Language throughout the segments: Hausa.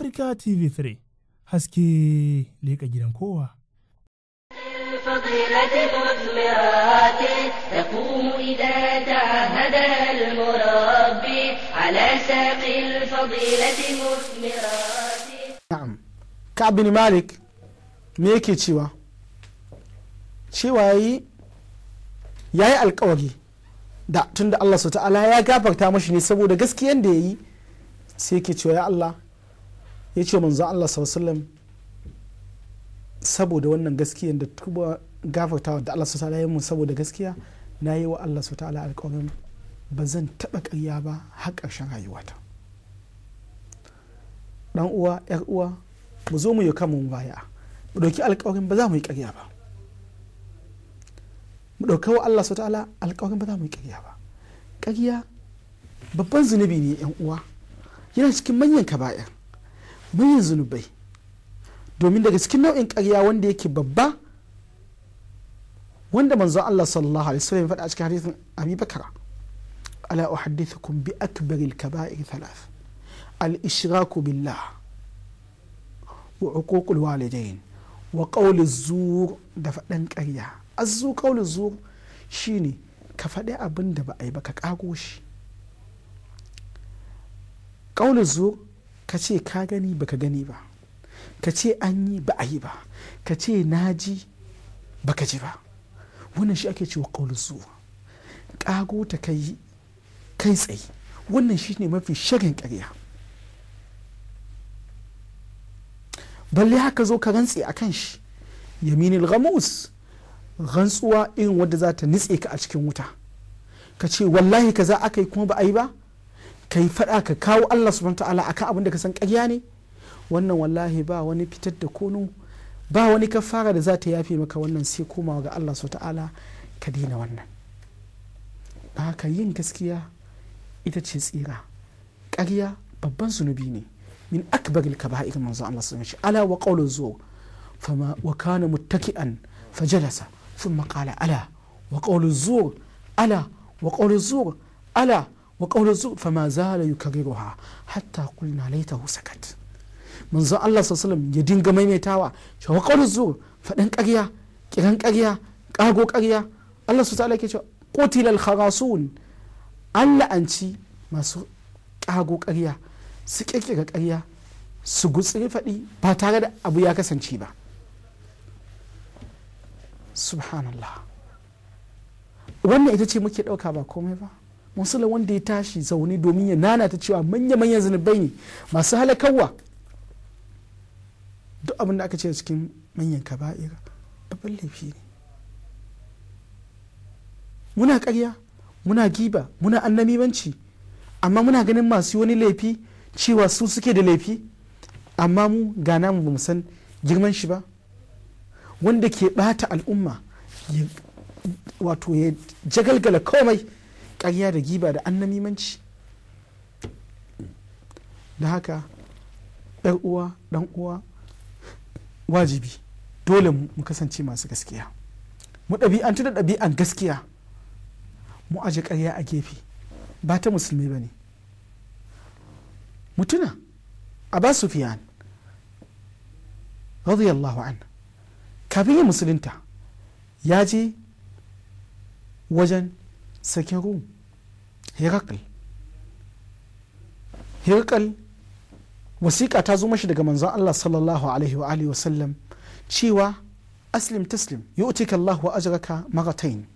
Africa TV3 haske leka gidan kowa. na'am مثمرات malik إذا تعهدها cewa cewa ya yi alkawari da tunda Allah su ta'ala ya gafarta mashi ne saboda gaskiyan da ya yi sai ke cewa ya Allah ya ce manzo Allah sallallahu saboda wannan gaskiya da tuba gafartawa da Allah sallallahu alaihi ya saboda gaskiya na yi wa Allah sallallahu alaihi alƙawarin ba zan taɓa ƙarya ba har ƙarshen rayuwata dan uwa yar uwa mu zo mu yi kamun baya mu ɗauki alƙawarin ba za mu yi ƙarya ba mu dauka wa Allah subhanahu ta'ala alƙawarin ba za mu yi ƙarya ba ƙarya babban zunubi ne yan uwa yana cikin manyan kaba'ir manyan zunubai domin daga cikin nau'in karya wanda yake babba wanda manzon Allah sallallahu alaihi wasallam ya faɗa a cikin hadisin Abi Bakar ala uhaddithukum bi al kaba'ir thalath al ishraku billah wa al walidain wa az zur da faɗan ƙarya azzu az zur shine ka faɗi abin da ba a yi ba ka kago shi az zur ka ce ka gani baka gani ba ka ce an yi ba a yi ba ka ce na ji baka ji ba wannan shi ake cewa ƙaunar ƙago ta kai kai tsaye wannan shi ne mafi shirin ƙarya balle haka zo ka rantse a kan shi yaminil ghamus rantsuwa irin wadda za ta nitse ka a cikin wuta ka ce wallahi ka za aka yi kuma ba a yi ba ka yi faɗa ka kawo Allah subhanahu ta'ala akan abin da ka san ƙarya ne wannan wallahi ba wani fitar da kono ba wani kafara da za ta yafe maka wannan sai komawa ga Allah subhanahu ta'ala ka daina wannan ba ka yin gaskiya ita ce tsira ƙarya babban zunubi ne min akbaril kaba'ir manzo Allah sun shi ala wa qawlu wa kana muttaki'an fajalasa thumma qala ala wa qawlu zuwa ala wa ala wa kaunar zuwa fama za a layu kare roha hatta kuri na laita manzo allah sa ya dinga maimaitawa cewa wa kaunar faɗin ƙariya ƙiran ƙariya ƙago ƙariya allah su ta'ala kotilal harasun an la'anci masu ƙago ƙariya su ƙirƙira ƙariya su gutsiri faɗi ba tare da abu ya kasance ba subhanallah wannan ita ce muke ɗauka ba komai ba musula wanda ya tashi zaune domin ya nana ta cewa manya-manyan zunubai ne masu halakarwa duk abin da aka ce cikin manyan kaba'ira babban laifi ne muna karya muna giba muna annamimanci amma muna ganin masu wani laifi cewa su suke da laifi amma mu gana mu bamu san girman shi ba wanda ke bata al'umma wato ya jagalgala komai ƙarya da giba da annamimanci da haka yar uwa ɗan uwa wajibi dole mu kasance masu gaskiya mu ɗabi'antu da ɗabi'an gaskiya mu aje ƙarya a gefe ba ta musulmi ba ne mutuna a ba sufiyan radiyallahu an kafin ya musulunta ya je wajen Sakin rum herakl herakl wasiƙa ta zo mashi daga manzon allah sallallahu alaihi wa alihi wasallam cewa aslim taslim yu'tika allah wa ajraka maratain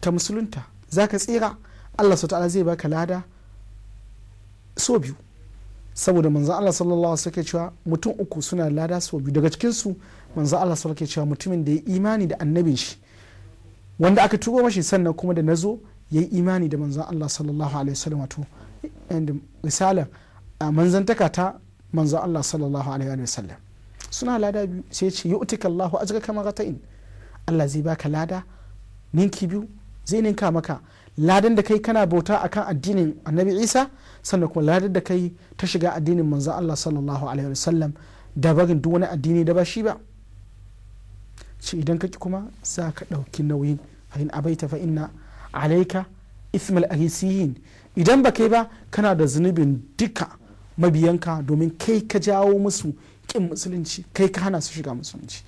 ka musulunta za ka tsira allah su ta'ala zai baka lada so biyu saboda manzon Allah sallallahu alaihi wasallam cewa mutum uku suna lada so biyu daga cikinsu manzon Allah sallallahu alaihi cewa mutumin da ya imani da annabin shi wanda aka tuba mashi sannan kuma da nazo ya yi imani da manzan Allah sallallahu alaihi wasallam wato misalan manzantaka ta manzan Allah sallallahu alaihi wasallam suna lada biyu sai ce yi utika Allahu ajra kama gata'in Allah zai baka lada ninki biyu zai ninka maka ladan da kai kana bauta akan addinin annabi Isa sannan kuma ladan da kai ta shiga addinin manzan Allah sallallahu alaihi wasallam da barin duk wani addini da ba shi ba ce idan kaki kuma za ka ɗauki nauyin fa'in abaita fa inna alaika ismal arisiyin idan ba kai ba kana da zunubin duka mabiyanka domin kai ka jawo musu kin musulunci kai ka hana su shiga musulunci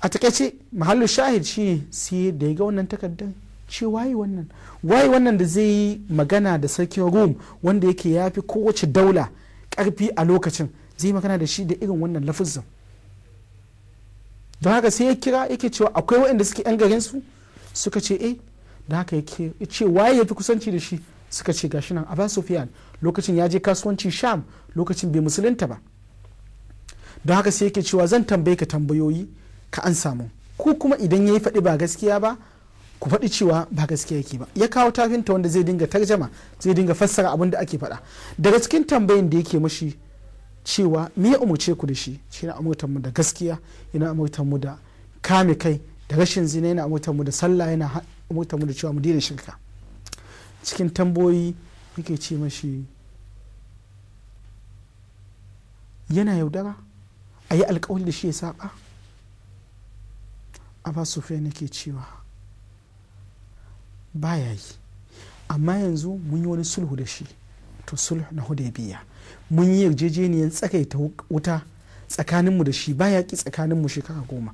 a takaice mahallin shahid shine sai da ya ga wannan takardar ce waye wannan waye wannan da zai yi magana da sarkin rome wanda yake ya fi kowace daula karfi a lokacin zai magana da shi da irin wannan lafuzin don haka sai ya kira yake cewa akwai waɗanda suke yan garin su suka ce eh da haka yake ce waye ya fi kusanci da shi suka ce gashi nan abba Sufyan lokacin ya je kasuwanci Sham lokacin bai musulunta ba don haka sai yake cewa zan tambaye ka tambayoyi ka an samu ko kuma idan ya yi faɗi ba gaskiya ba ku faɗi cewa ba gaskiya yake ba ya kawo tafinta wanda zai dinga tarjama zai dinga fassara abin da ake faɗa daga cikin tambayin da yake mashi cewa me ya umarce ku da shi shi na mu da gaskiya yana amurtar mu da kame kai da rashin zina yana amurtar mu da sallah yana amurtar mu da cewa mu daina shirka cikin tamboyi muke ce mashi yana yaudara a yi alkawali da shi ya saba su fiye nake cewa baya yi amma yanzu mun yi wani sulhu da shi to sulhu na biya. mun yi yarjejeniyar tsakaita wuta tsakaninmu da shi ba ki tsakaninmu shekara goma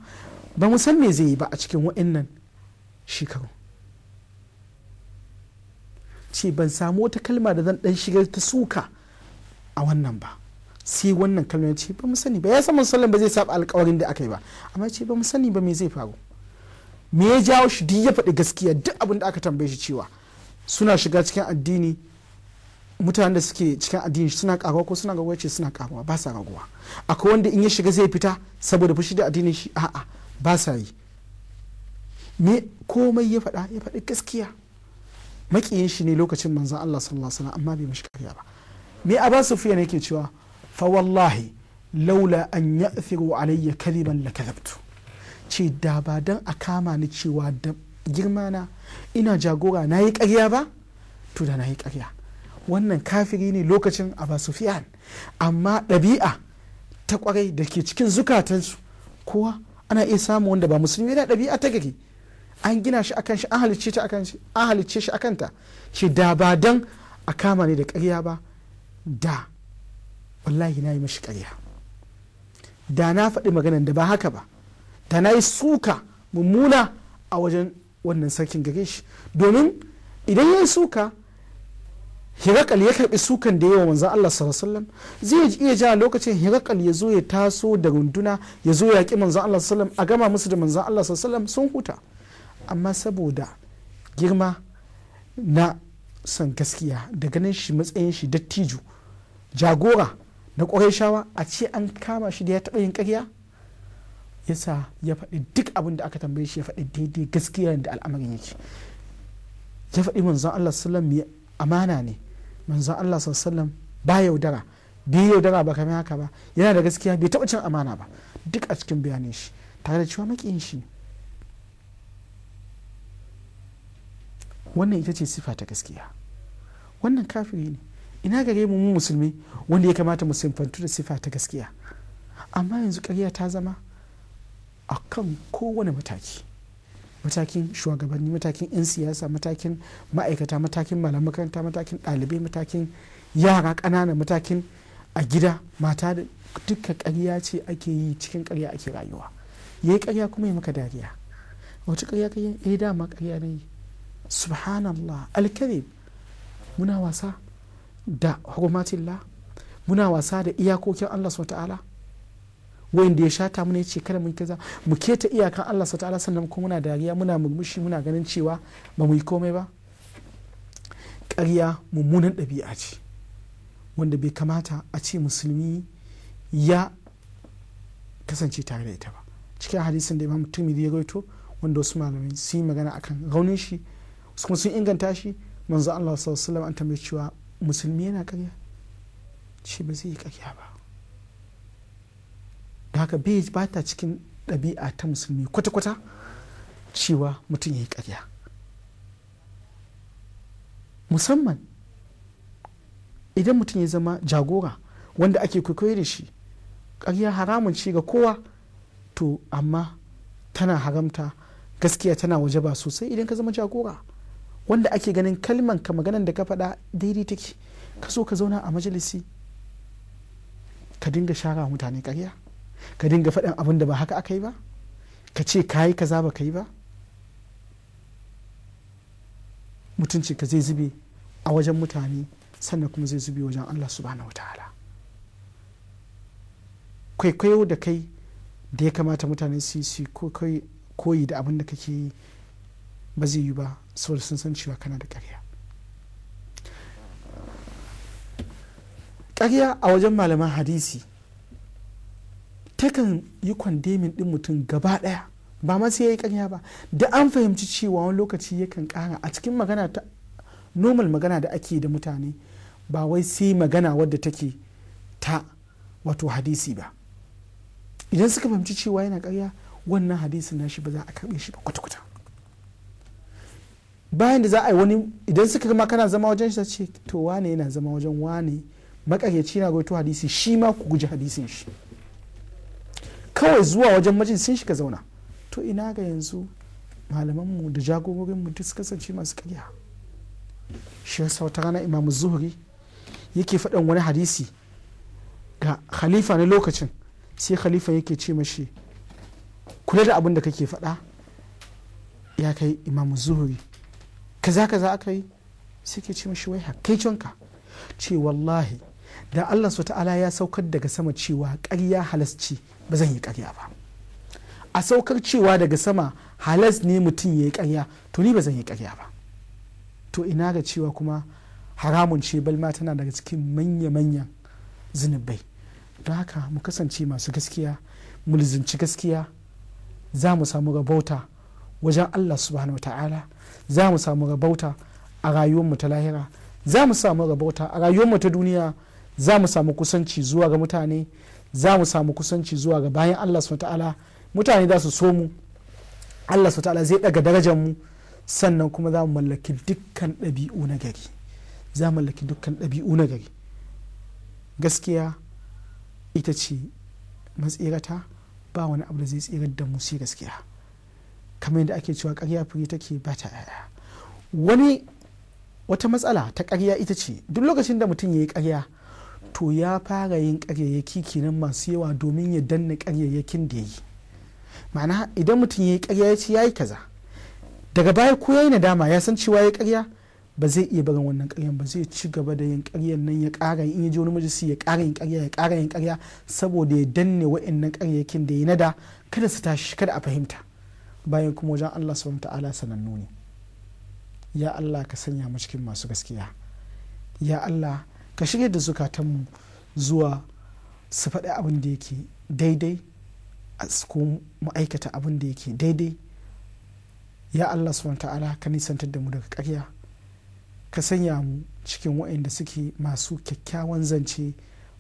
ba mu san me zai yi ba a cikin wa'annan shekaru ce ban samu wata kalma da zan dan shigar ta suka a wannan ba sai wannan kalmar ce ba mu sani ba ya san musallin ba zai saba alkawarin da aka yi ba amma ce ba mu sani ba me zai faru me ya jawo shi duk ya faɗi gaskiya duk abin da aka tambaye shi cewa suna shiga cikin addini mutanen da suke cikin addini suna karuwa ko suna raguwa ce suna karuwa ba sa raguwa akwai wanda in ya shiga zai fita saboda fushi da addinin shi a'a ba sa yi me komai ya faɗa ya faɗi gaskiya makiyin shi ne lokacin manzon Allah sallallahu alaihi wasallam amma bai mishi kariya ba me Abu Sufyan yake cewa fa wallahi laula an ya'thiru alayya kaliban lakadhabtu ce da ba dan a kama ni cewa da girma na ina jagora nayi yi ƙarya ba to da na yi ƙarya wannan kafiri ne lokacin abasufiyan amma ɗabi'a ta kwarai da ke cikin zukatansu kowa ana iya samun wanda ba musulmi da ɗabi'a ta gari an gina shi akan shi an halicce ta akan shi an halicce shi akan ta shi da ba dan a kama ne da ƙarya ba da wallahi na yi mashi ƙarya da na faɗi maganan da ba haka ba da na yi suka mummuna a wajen wannan sarkin gare shi domin idan ya yi suka hirakal ya karbi sukan da yawa wanzan Allah sallallahu alaihi wasallam zai iya ja lokacin hirakal ya zo ya taso da runduna ya zo ya ki manzon Allah sallallahu alaihi a gama musu da manzon Allah sallallahu alaihi sun huta amma saboda girma na son gaskiya da ganin shi matsayin shi dattijo jagora na shawa a ce an kama shi da ya taɓa yin ƙarya yasa ya faɗi duk abin da aka tambaye shi ya faɗi daidai gaskiya da al'amarin yake ya faɗi manzon Allah sallallahu alaihi amana ne manzon Allah sallallahu ba yaudara bi yaudara ba kamar haka ba yana da gaskiya bai taba cin amana ba duk a cikin bayanin shi tare da cewa makiyin shi wannan ita ce sifa ta gaskiya wannan kafiri ne ina gare mu mu musulmi wanda ya kamata mu simfantu da sifa ta gaskiya amma yanzu ƙarya ta zama akan kowane mataki matakin shugabanni matakin 'yan siyasa matakin ma'aikata matakin malam makaranta matakin ɗalibai matakin yara ƙanana matakin a gida mata da duka ƙarya ce ake yi cikin ƙarya ake rayuwa ya yi ƙarya kuma ya maka dariya wata ƙarya ƙarya ya yi eh, dama ƙarya na yi subhanallah alkarib muna wasa da hurumatillah muna wasa da iyakokin allah subhanahu ta'ala wanda ya shata mu ne ce kada mun kaza mu keta iyakan Allah sa ta'ala sannan kuma muna dariya muna murmushi muna ganin cewa ba mu yi komai ba ƙarya mummunan ɗabi'a ce wanda bai kamata a ce musulmi ya kasance tare da ita ba cikin hadisin da imam tumiri ya rawaito wanda wasu malamai su yi magana akan raunin shi kuma sun inganta shi manzo Allah sallallahu alaihi wasallam an tambaye cewa musulmi yana ƙarya shi ba zai yi ƙarya ba don haka bai ba ta cikin ɗabi'a ta musulmi kwata-kwata cewa mutum ya yi ƙarya musamman idan mutum ya zama jagora wanda ake kwaikwayo da shi ƙarya haramun ce ga kowa to amma tana haramta gaskiya tana waje ba sosai idan ka zama jagora wanda ake ganin kalman ka maganan da ka faɗa daidai take ka so ka zauna a majalisi ka dinga shara mutane ƙarya ka dinga faɗin abin da ba haka aka yi ba ka ce ka yi kaza ba ka yi ba Mutunci ka zai zube a wajen mutane sannan kuma zai zube wajen allah subhanahu wa ta'ala kwaikwayo da kai da ya kamata mutane su yi koyi da abin da kake yi ba zai yi ba saboda sun san cewa kana da ƙarya ƙarya a wajen malaman hadisi takan yi kwandemin din mutum gaba daya ba ma sai ya yi kanya ba da an fahimci cewa wani lokaci yakan kara a cikin magana ta normal magana da ake da mutane ba wai sai magana wadda take ta wato hadisi ba idan suka fahimci cewa yana karya wannan hadisin nashi ba za a karbe shi ba kwata-kwata bayan da za a yi wani idan suka gama kana zama wajen shi ce to wane yana zama wajen wane makaryaci na goto hadisi shi ma ku guji hadisin shi kawai zuwa wajen majin sun shiga zauna to ina ga yanzu malamanmu da jagororinmu duk kasance masu karya shi yasa wata rana imamu zuhuri yake faɗan wani hadisi ga khalifa na lokacin sai khalifa yake ce mashi kula da abin da kake faɗa ya kai imamu zuhuri kaza kaza aka yi sai ke ce mashi wai hakaicinka ce wallahi da allah su ta'ala ya saukar daga sama cewa ƙarya halasci ba zan yi karya ba a saukar cewa daga sama halas ne mutum ya yi karya to ni ba zan yi karya ba to ina ga cewa kuma haramun ce balma tana daga cikin manya-manyan zunubai don haka mu kasance masu gaskiya mu lizinci gaskiya za mu samu rabauta wajen allah subhanahu wa ta'ala za mu samu rabauta a rayuwarmu ta lahira za mu samu rabauta a rayuwarmu ta duniya za mu samu kusanci zuwa ga mutane za mu samu kusanci zuwa ga bayan allah su mutane za su so mu allah su zai daga darajar mu sannan kuma za mu mallaki dukkan ɗabi'u na gari za mu mallaki dukkan ɗabi'u na gari gaskiya ita ce matsirata ba wani abu da zai tsirar da mu sai gaskiya kamar yadda ake cewa karya fure take ba ta yaya wani wata matsala ta karya ita ce duk lokacin da mutum ya yi karya to ya fara yin karyayyaki kenan masu yawa domin ya danna karyayyakin da ya yi ma'ana idan mutum ya yi karya ya ce ya yi kaza daga baya ko ya yi nadama ya san cewa ya karya ba zai iya barin wannan karyan ba zai ci gaba da yin karyan nan ya kara in ya ji wani majalisi ya kara yin karya ya kara yin karya saboda ya danne wa'annan karyayyakin da ya da kada su tashi kada a fahimta bayan kuma wajen Allah subhanahu ta'ala sanannu ne ya Allah ka sanya mu cikin masu gaskiya ya Allah ka shirya da zukatanmu zuwa su faɗi abin da yake daidai a ko ma'aikata abin da yake daidai ya allah subhanahu ta'ala ka nisantar da mu daga karya ka sanya mu cikin waɗanda suke masu kyakkyawan zance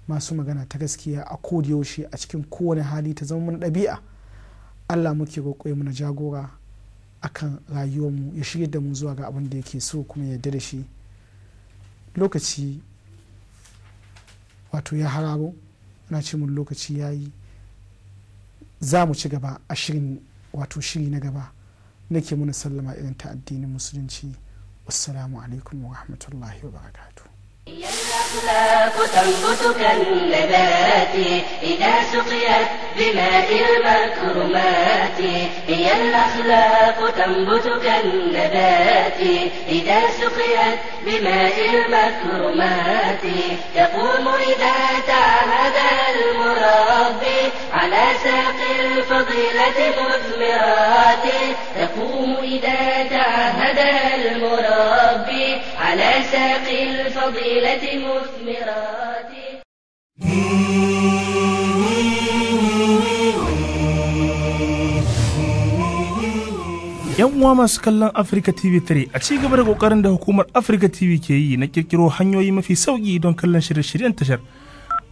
masu magana ta gaskiya a yaushe a cikin kowane hali ta zama mana ɗabi'a allah muke roƙo mu na jagora akan rayuwarmu ya shirya da mu zuwa ga abin da yake so kuma ya yarda da shi lokaci wato ya hararo ana ce mun lokaci ya yi za mu ci gaba a shirin wato shiri na gaba nake muna sallama irin ta addinin musulunci wassalamu alaikum wa rahmatullahi wa barakatuh هي الأخلاق تنبت كالنبات إذا سقيت بماء المكرمات هي الأخلاق تنبت كالنبات إذا سقيت بماء المكرمات تقوم إذا تعهد المربي على ساق الفضيلة مثمرات تقوم إذا تعهد المربي على ساقي الفضيلة مثمرات yan masu kallon Africa TV 3 a cigaba da kokarin da hukumar Africa TV ke yi na kirkiro hanyoyi mafi sauki don kallon shirye-shiryen tashar.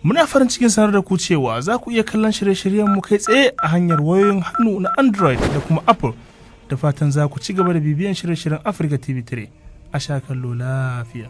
Muna farin cikin sanar da ku cewa za ku iya kallon shirye-shiryen mu kai tsaye a hanyar wayoyin hannu na Android da kuma Apple. Da fatan za ku cigaba da bibiyan shirye-shiryen Afirka TV 3. a sha kallo lafiya.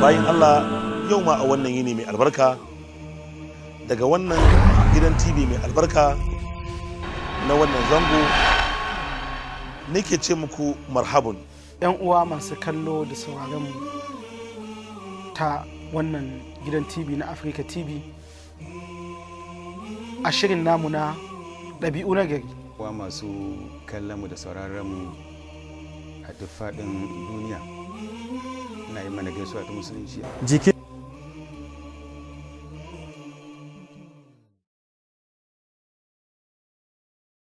bayan Allah yau ma a wannan yini mai albarka daga wannan gidan TV mai albarka na wannan zango nake ce muku marhabun yan uwa masu kallo da sauraron mu ta wannan gidan tv na afirka tv a shirin namu na ɗabi'u na gari wa masu kallon mu da sauraron mu a duk faɗin duniya na yi mana gaisuwa ta musulunci